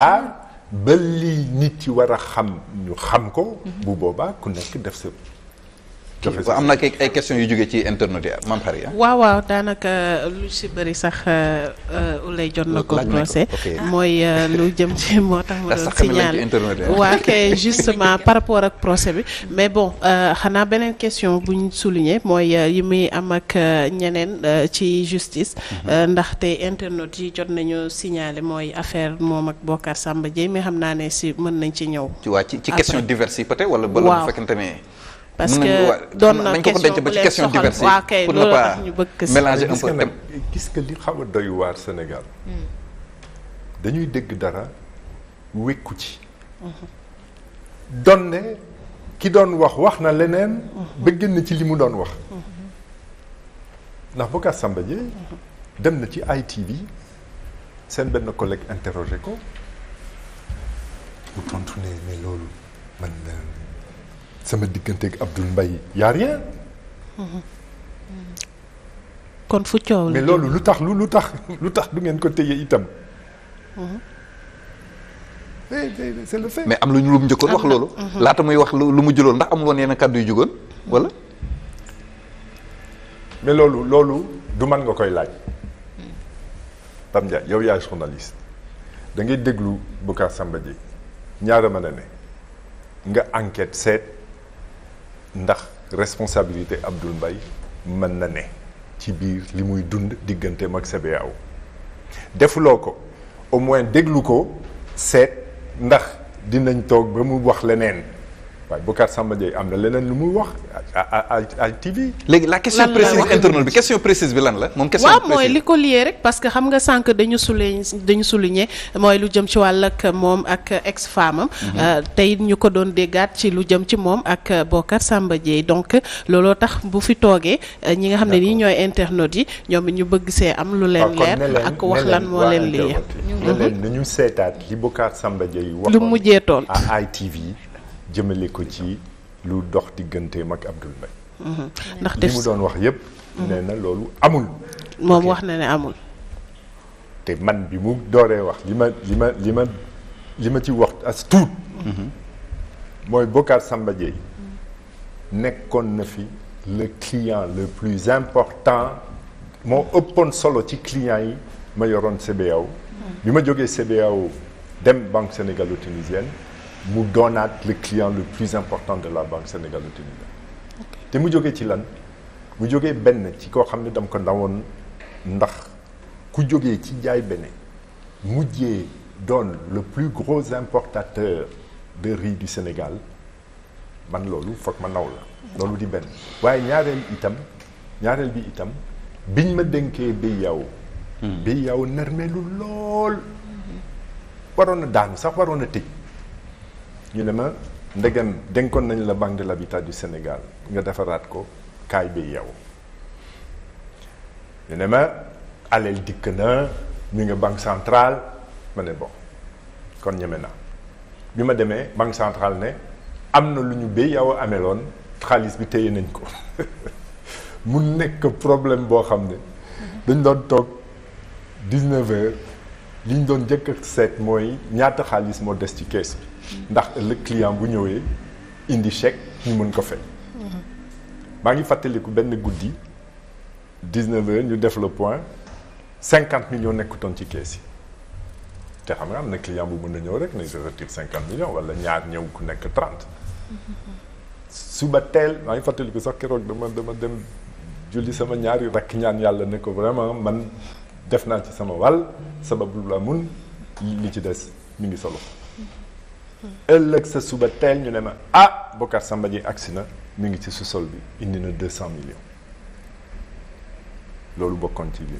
Ah, ba li nit yi war a xam ñu xam ko. bu boobaa ku nekk def sa am na ay questions yu jóge ci internet yi maam xar ya waaw waaw daanaka lu si bëri sax euh, euh, ulay jot na ko procès mooy euh, lu jëm ci moo tax ma doon signal waa kay justement par rapport ak procès bi mais bon xanaa beneen question bu ñu souligner mooy yi muy am ak ñeneen ci justice mhm. te internet yi jot nañu signaler mooy affaire moom ak Bocar Samba Dièye mais xam naa ne si mën nañ ci ñëw ci waa ci question diverses yi peut wala ba la fekkente parce que doon na question bu leen soxal waaw kay loolu tax ñu bëgg ko mélanger un peu thème gis nga li xaw a doy waar Sénégal. Hmm. dañuy dégg dara wékku ci. Hmm. doon ne ki doon wax wax na leneen. Hmm. ba génn ci li mu doon wax. ndax Bocar Samba Dièye dem na ci ITV seen benn collègue interrogé ko. bu tontu ne mais loolu man. Euh, sama diggante ak Abdoul Mbaye y rien. kon fu coow mais lu tax lu tax lu tax du ngeen ko téye itam. Eh, eh, eh, c'est mais am lu ñu lu mu njëkkoon wax loolu. Mhm. laa muy wax lu mu jëloon ndax amul woon yenn kàddu yu jugoon mhm. wala. mais loolu loolu du man nga koy laaj. Mhm. Pape Ndiaye yow yaay journaliste da ngay déglu Boucar Samba Dièye ñaara mën a ne nga enquête seet. ndax responsabilité Abdoul Mbaye mën na ne ci biir li muy dund digganteem ak CBAO defuloo ko au moins déglu ko seet ndax dinañ toog ba mu wax leneen waaye Boucar Samba Dieye am na leneen lu muy wax à à TV. léegi la question précise internaute bi question précise bi lan la moom. question précise waaw mooy li ko lié rek parce que xam nga sànq dañu souligné dañu souligné mooy lu jëm ci wàll ak moom ak ex femme am. Mhm. Euh, tey ñu ko doon déggaat ci lu jëm ci moom ak Boucar Samba Dieye donc looloo tax bu fi toogee euh, ñi nga xam ne nii ñooy internautes yi ñoom ñu bëgg see am. lu leen leer ak wax lan moo leen lié. ñu ngi leen ñu seetaat li Boucar Samba Dieye waxoon lu mujjee toon à ITV. jëmale ko ci lu dox digganteem ak Abdoul Mbaye mhm. ndax def li mu doon wax yëpp. Mhm. nee na loolu amul. moom wax na ne amul. te man bi mu dooree wax li ma li ma li ma li ma ci wax as tuut. Mhm. mooy Bocar Samba Dièye nekkoon na fi le client le plus important moo ëppoon solo ci client yi ma yoroon CBAO. bi ma jógee CBAO dem banque sénégalo-tunisienne. mu doonaat le client le plus important de la banque sénégalo-tunisienne te mu jógee ci lan mu jógee benn ci koo xam ne dam ko ndawoon ndax ku jógee ci jaay benn mujjee doon le plus gros importateur de riz du Sénégal man loolu foog ma naw la loolu di benn waaye ñaareel itam ñaareel bi itam biñ ma dénkee bi yow hmm. bi yow narmeelu lool hmm. waroon a daanu sax waroon a tëj ñu ma ndegam dénkoon nañ la banque de l'habitat du Sénégal nga defaraat ko kaay bi yow ñu ne ma aleel dikk na ñu ngi banque centrale ma ne bon kon ñeme na bi ma demee banque centrale ne am na lu ñu béy yow ameloon xaalis bi téye nañ ko mu nekk problème boo xam ne dañ doon toog 19 heures li ñu doon njëkk a seet mooy ñaata xaalis moo des ci kees bi ndax ëllëg client bu ñëwee indi check ñu mën ko fay. maa ngi fàttaliku benn guddi 19 heures ñu def le point 50 millions nekkutoon ci kees yi te xam nga am na client bu mën na ñëw rek ne je retire 50 millions wala ñaar ñëw ku nekk 30. suba teel maa ngi fàttaliku sax keroog dama dama dem julli sama ñaari rakk ñaan yàlla ne ko vraiment man. def naa ci sama wal sababu la mun li ci des mi ngi solo ëllëg sa suba teel ñu ne ma ah Bocar Samba Dièye agsi na mi ngi ci sous-sol bi indi na deux cent millions loolu bokkoon ci biir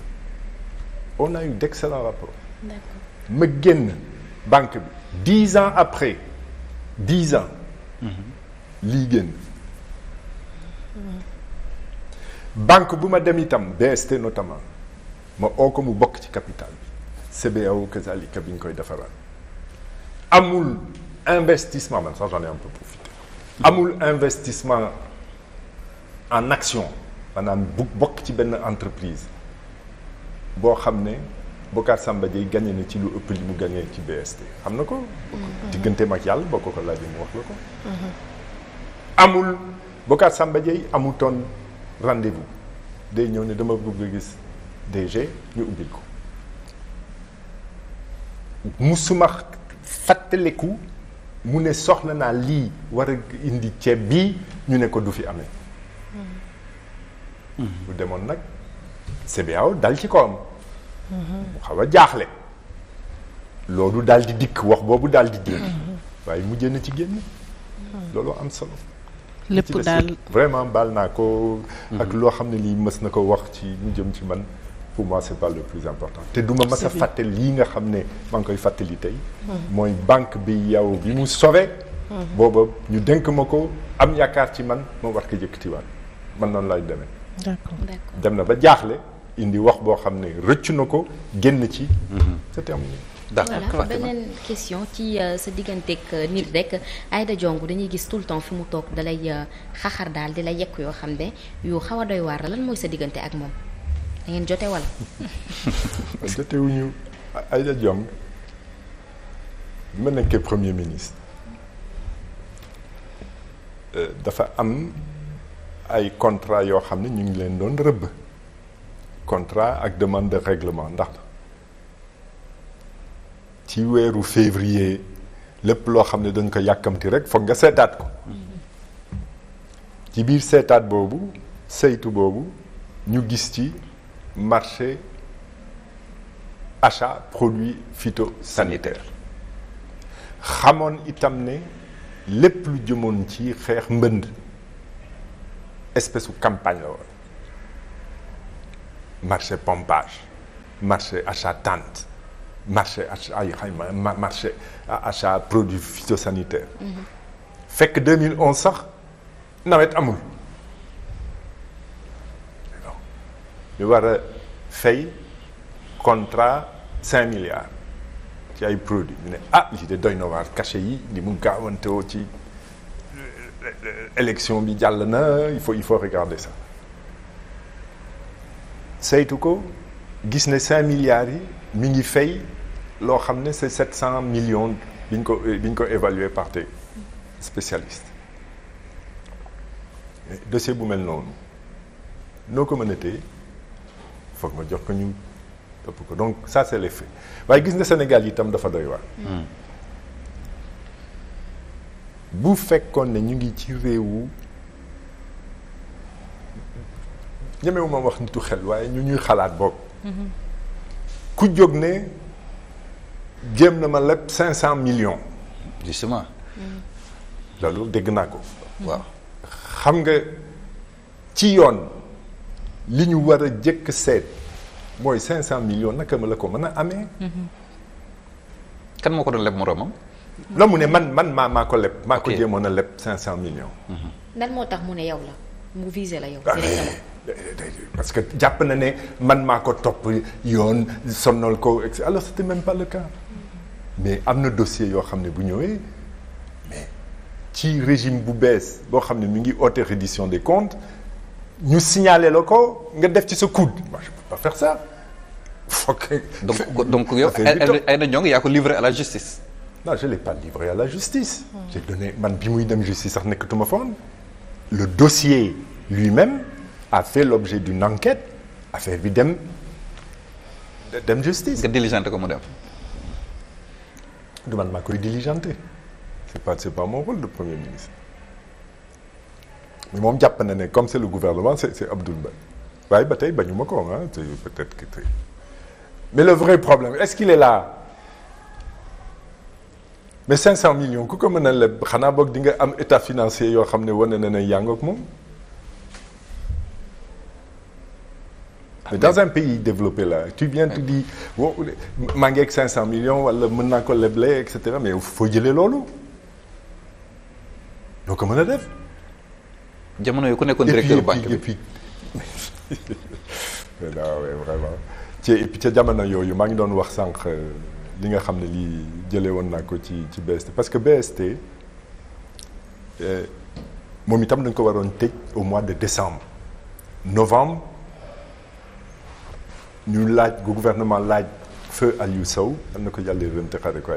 on a eu d'excellents rapports. d'accord ma génn banque bi dix ans après dix ans. Mhm. lii génn. Mhm. banque bu ma dem itam BST notamment ma oo ko mu bokk ci capital bi CBAO kazalika bi ñu koy defaraan amul investissement man sax amul investissement en action manaan bu bokk ci benn entreprise boo xam ne Bocar Samba Dièye gagné ci lu ëpp li mu gagné ci BST xam na ko mm-hmm. digganteem ak yàlla boo ko ko laajee wax la ko mm-hmm. amul Bocar Samba Dièye amutoon rendez-vous day ñëw ne dama bëgg gis DG ñu ubbil ko mu musuma fàttaliku mu ne soxla naa lii war a indi ceeb bii ñu ne ko du fi amee. Mhm. bu demoon nag CBAO dal ci kawam. mu mhm. xaw a jaaxle. loolu daal di dikk wax boobu daal di dikk. Mhm. waaye mu na ci génn. loolu am solo. lépp daal vraiment baal naa ko. ak loo xam ne lii mës na ko wax ci ñu jëm ci man. pour moi c'est pas le te du ma mas a fàttali lii nga xam ne maa koy fàttali tey hmm. mooy banque bi yow bi mu sauvé hmm. booba ñu dénk ma ko am yaakaar ci man moom war ko yëkkatiwaat man noonu lay demee d'accord dem na ba jaaxle indi wax boo xam ne rëccu na ko génn ci hmm. sa terme voilà beneen question ci euh, sa digganteeg euh, nit rek Aïda Ndiongue dañuy gis tout le temps fi mu toog dalay euh, xaxar daal di la yekk yoo xam ne yu xaw a la waar lan mooy sa diggante ak moom da ngeen jote wala. jotewuñu Aïda Diom bi ma nekkee premier ministre euh, dafa am ay contrat yoo xam ne ñu ngi leen doon rëbb contrat ak demande de ndax ci weeru février lépp loo xam ne dañ ko yàkkamti rek foog nga seetaat ko mm-hmm. ci biir seetaat boobu saytu boobu ñu gis ci marché achat produits phytosanitaires xamoon itam ne lépp lu jëmoon ci xeex mbënd espèce su campagne la woon marché pompage marché achat tente marché achat ay xayma marché achat produits phytosanitaires mhm. fekk sax nawet amul ñu war a fay contrat cinq milliards ci ay produits ñu ne ah lii de doy na waar cachet yi li mu gaawantewoo ci élection bi jàll na il faut il faut regarder ça saytu ko gis ne cinq milliards yi mi ngi fay loo xam ne c'est sept cent millions bi ñu ko bi ñu ko évalué par des spécialistes dossier bu mel noonu noo ko mën a téye foog nga jox ko ñu ëpp ko donc ça c'est les faits waaye gis nga Sénégal yi itam dafa doy waar. Hmm. bu fekkoon ne ñu ngi ci réewu ñemewu ma wax nitu xel waaye ñu ñuy xalaat boog. ku jóg ne jéem na ma lépp cinq cent hmm. loolu dégg naa ko. Hmm. waaw xam nga ci yoon. li ñu war a jëkk seet mooy 500 millions naka ma la ko mën a amee. kan moo ko doon leb moroomam. la mu ne man man maa maa ko leb. maa ko jéemoon a leb 500 millions. nan mhm. moo tax mu ne yow la mu visé la yow. Ah, parce que jàpp na ne man maa ko topp yoon sonnal ko alors c'était même pas le cas mais am na dossier yoo xam ne bu ñëwee mais ci régime bu bees boo xam ne mu ngi haute reddition des comptes. ñu signaler la ko nga def ci sa coude. moi je peux pas faire ça. ok donc donc yow Aïda Ndiongue yaa ko livré à la justice. non je l'ai pas livré à la justice. j'ai donné man bi muy dem justice sax nekkatuma foon. le dossier lui-même a fait l'objet d'une enquête affaire bi dem dem justice. nga diligenté ko mu dem. du man maa koy diligenté c'est mon rôle de premier ministre. mais moom jàpp na ne comme c'est le gouvernement c'est c'est Abdoul Mbaye waaye ba tey bañu ma ko ah te peut-être que tey mais le vrai problème est-ce qu'il est là mais 500 millions ku ko mën a leb xanaa boog di nga am état financier yoo xam ne wane na ne yaa ngi ak moom. Ah, dans un pays développé la tu viens tu dis wo maa ngi ak 500 millions wala mën naa ko leble et cetera mais foo jëlee loolu. loo ko mën a def. jamono yi ku nekkoon directeur banque bi vraiment ci ca jamono yooyu maa ngi doon wax sànq euh, li nga xam ne lii jëlee woon naa ko ci ci BST parce que BST euh, moom itam dañ ko waroon tëj au mois de décembre novembre ñu laaj gu gouvernement laaj feu Aliou Sow am na ko yàlla yërëm te xare ko